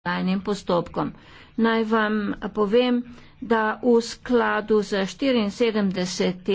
zakonodajnim postopkom. Naj vam povem, da v skladu z 74.